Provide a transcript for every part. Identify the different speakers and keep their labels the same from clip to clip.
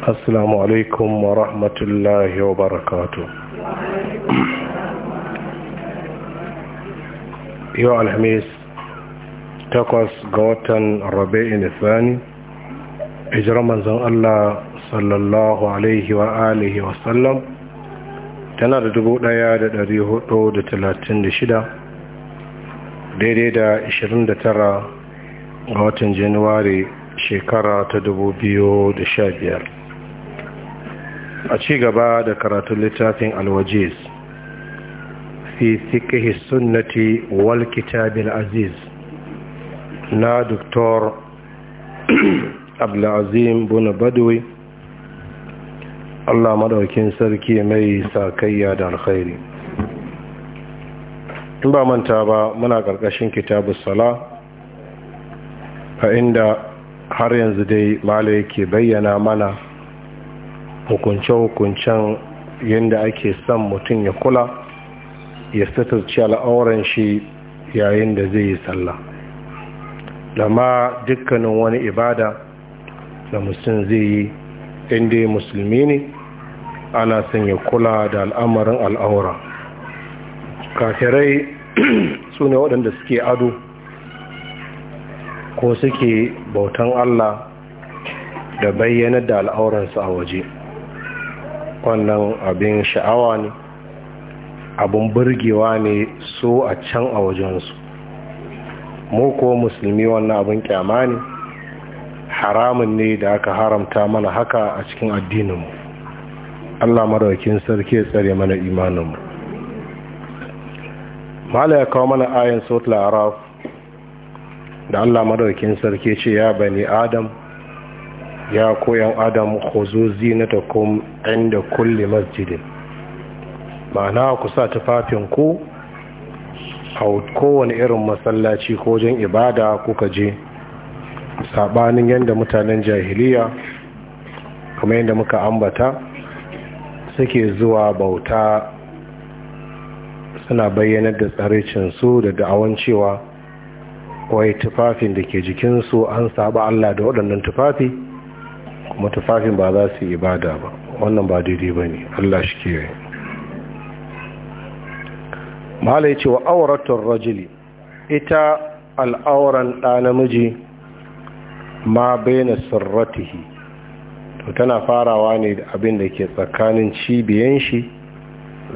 Speaker 1: assalamu alaikum wa rahmatullahi wa barakatu yau alhamis takwas ga watan rabi'in isani hijirar manzon Allah sallallahu alaihi wa alihi wa sallam tana da dubu ɗaya da da da hudu talatin shida, daidai da ishirin da tara ga watan januwari shekara ta dubu biyu da sha biyar. a ci gaba da karatun littafin alwajiz fi fiƙihi sunnati wal kitabil aziz na doktor abdulazim buna badawi allah madaukin sarki mai sakayya da alkhairi in ba manta ba muna ƙarƙashin kitabu sala a inda har yanzu dai mala ke bayyana mana hukunce-hukuncen yadda ake son mutum ya kula ya satarci al'auran shi yayin da zai yi sallah da ma dukkanin wani ibada da mutum zai yi inda musulmi ne ana son ya kula da al'amarin al'aura kafirai su ne waɗanda suke ado ko suke bautan allah da bayyanar da al'auransu a waje wannan abin sha'awa ne abin burgewa ne so a can a wajensu mu ko musulmi wannan abin kyama ne haramun ne da aka haramta mana haka a cikin addininmu allah maraukin sarki ya tsare mana imaninmu mala ya kawo mana ayin sautul araf da allah maraukin sarki ce ya bani adam ya koyan adam khuzu zinatakum inda kulli masjidin ma'ana ku sa tufafin ku a kowane irin masallaci ko wajen ibada kuka je sabanin yadda mutanen jahiliya kamar yadda muka ambata suke zuwa bauta suna bayyanar da tsaricinsu da da'awan cewa wai tufafin da ke jikinsu an saba Allah da waɗannan tufafi kuma tufafin ba za su yi ibada ba wannan ba daidai ba ne allah shi ke mahala ya ce wa auratun rajili ita al'auran ɗa namiji ma baina sirratihi to tana farawa ne da abin da ke tsakanin cibiyan shi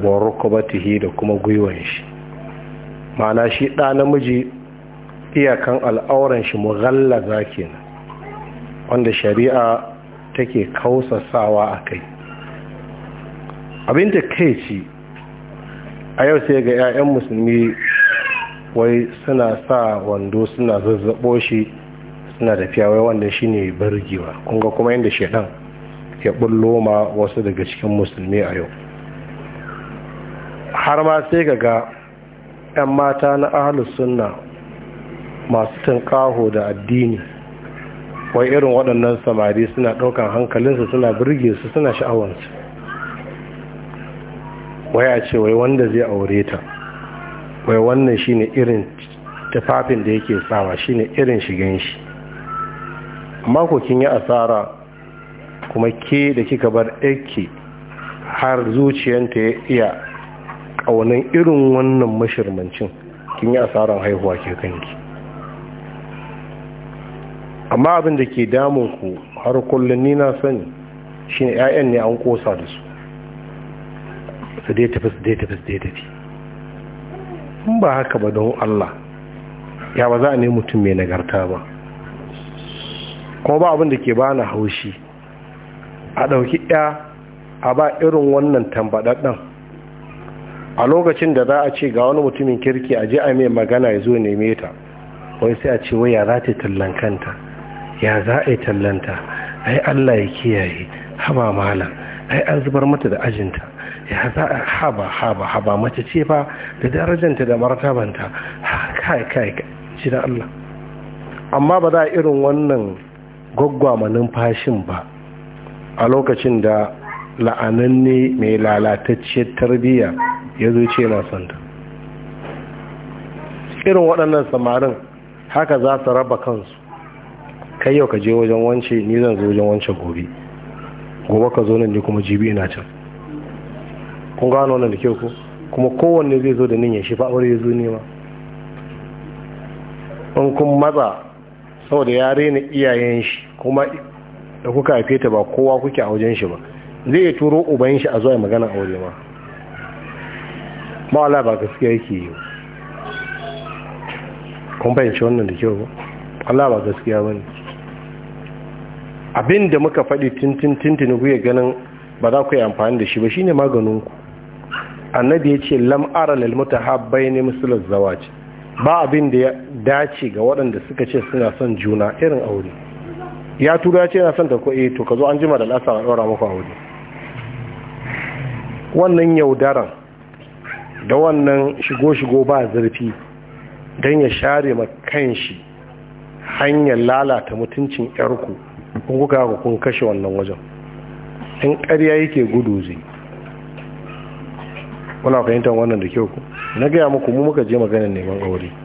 Speaker 1: wa rukubatihi da kuma gwiwan shi ma'ana shi ɗa namiji iyakan al'auran shi mughallaza kenan wanda shari'a take kausasawa a kai abin kai ci a yau sai ga 'ya'yan musulmi wai suna sa wando suna zazzabo shi suna da fiyawai wanda shi ne bargewa kunga kuma yadda shaidan ya bullo ma wasu daga cikin musulmi a yau har ma sai ga ga 'yan mata na ahalus sunna masu tunƙaho da addini wai irin waɗannan samari suna ɗaukan hankalinsu suna birge su suna sha'awansu wai a ce wai wanda zai aure ta wai wannan shine irin tufafin da yake sawa shine irin shigan shi amma ko kin yi asara kuma ke da kika bar ɗaki har zuciyanta ya iya ƙaunin irin wannan mashirmancin kin yi asaran haihuwa ke kanki amma abin da ke damun ku har kullum ni na sani shine 'ya'yan ne an kosa da su su dai tafi su dai tafi su dai tafi in ba haka ba don Allah ya ba za a ne mutum mai nagarta ba kuma ba abin da ke bani haushi a ɗauki ɗaya a ba irin wannan tambaɗaɗɗen a lokacin da za a ce ga wani mutumin kirki a je a mai magana ya zo neme ta wai sai a ce waya za ta tallan kanta ya za a yi tallanta ai allah ya kiyaye haba malam ai an zubar mata da ajinta ya za a haba haba haba mace ce fa da darajanta da martabanta kai kai ci da allah amma ba za a irin wannan gwaggwama numfashin ba a lokacin da la'ananne mai lalatacciyar tarbiyya ya zo ce na santa irin waɗannan samarin haka za su raba kansu kai yau ka je wajen wance ni zan zo wajen wance gobe gobe ka zo nan ne kuma jibi ina can kun gano wannan da kyau ko kuma kowanne zai zo da ya shi fa aure ya zo ma. in kun matsa saboda ya rena iyayen shi kuma da kuka haife ta ba kowa kuke a wajen shi ba zai iya turo uban shi a zuwa magana aure ma ma'ala ba gaskiya yake yi kun fahimci wannan da kyau ba Allah ba gaskiya ba ne abin da muka faɗi tintin ya ganin ba za ku yi amfani da shi ba shine maganin ku annabi ya ce lam ara lil mutahabbaini mislul ce. ba abin da ya dace ga waɗanda suka ce suna son juna irin aure ya tura ya ce yana son ta ko eh, to ka zo an jima da lasa a ɗora muku aure wannan yaudaran da wannan shigo-shigo ba zurfi don ya share ma kanshi hanyar lalata mutuncin 'yarku kun kuka haka kun kashe wannan wajen in ƙarya yake gudu zai muna fahimtar wannan da kyau ku na gaya muku mu muka je maganin neman aure